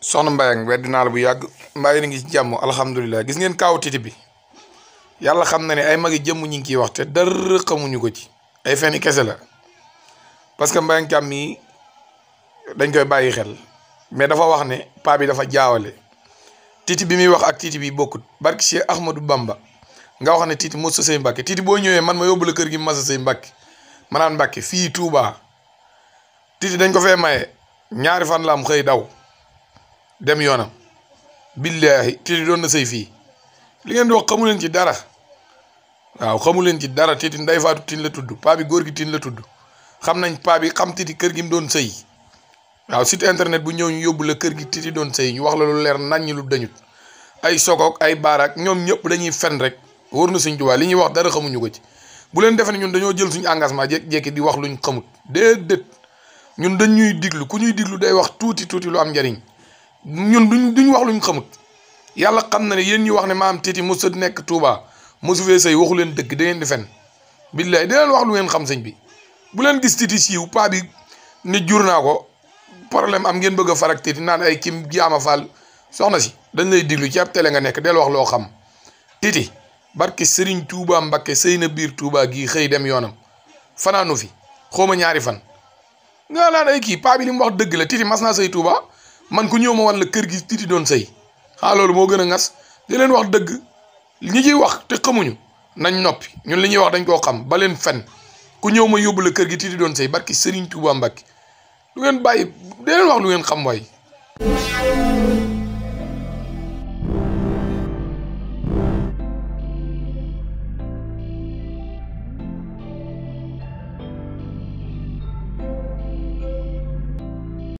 soxna Mbaye ak wedd naa la bu yàgg mbay Mbaye ngi ci jàmm alhamdulilah gis ngeen kaaw titi bi yàlla xam na ne ay magi jëmm ñu ngi ciy wax te dara xamuñu ko ci ay fen kese la parce que Mbaye Thiam mii dañ koy bàyyi xel mais dafa wax ne paa bi dafa jaawale titi bi muy wax ak titi bi bokkut barki Cheikh Ahmadou Bamba nga wax ne titi mos sa say mbàkke titi boo ñëwee man ma yóbbu kër gi mos sa say mbàkke ma naan mbàkke fii Touba titi dañ ko fee maye ñaari fan la am daw. dem yoonam billaahi titi doon na sëy fii li ngeen di wax xamu leen ci dara waaw xamu leen ci dara titi nday faatu tin la tudd paa bi góor gi tin la tudd xam nañ paa bi xam titi kër gi mu doon sëy waaw site internet bu ñëw ñu yóbbu la kër gi titi doon sëy ñu wax la lu leer nañ lu dañut ay sokook ay baaraak ñoom ñëpp lañuy fen rek wóor na suñ tubaa li ñuy wax dara xamuñu ko ci bu leen defe ne ñun dañoo jël suñu engagement jékki-jékki di wax luñ xamut déedéet ñun dañ ñuy diglu ku ñuy diglu day wax tuuti tuuti lu am njariñ ñun duñ duñ wax luñ xamut yàlla xam na ne yéen ñu wax ne maam Titi mosu nekk Touba mosu fee sëy waxu leen dëgg da di fen billaay da leen wax lu ngeen xam sëñ bi bu leen gis Titi siiw paa bi ni jur naa ko problème am ngeen bëgg a farak Titi naan ay kim jaama faal soxna si dañ lay diglu ci ab nga nekk del wax loo xam Titi barke Serigne Touba Mbakke sëy na biir Touba gii xëy dem yoonam fanaanu fi xawma ñaari fan nga naan ay kii paa bi li mu wax dëgg la Titi mas naa sëy Touba. man ku ñëw ma wan la kër gi titi doon sëy xaa ah, loolu moo gën a ngas di wax dëgg ñi ciy wax te xamuñu nañ noppi ñun li ñuy wax dañ koo xam ba leen fen ku ñëw ma yóbbu la kër gi titi doon sëy barki Serigne Touba mbakki lu ngeen bàyyi di wax lu ngeen xam waay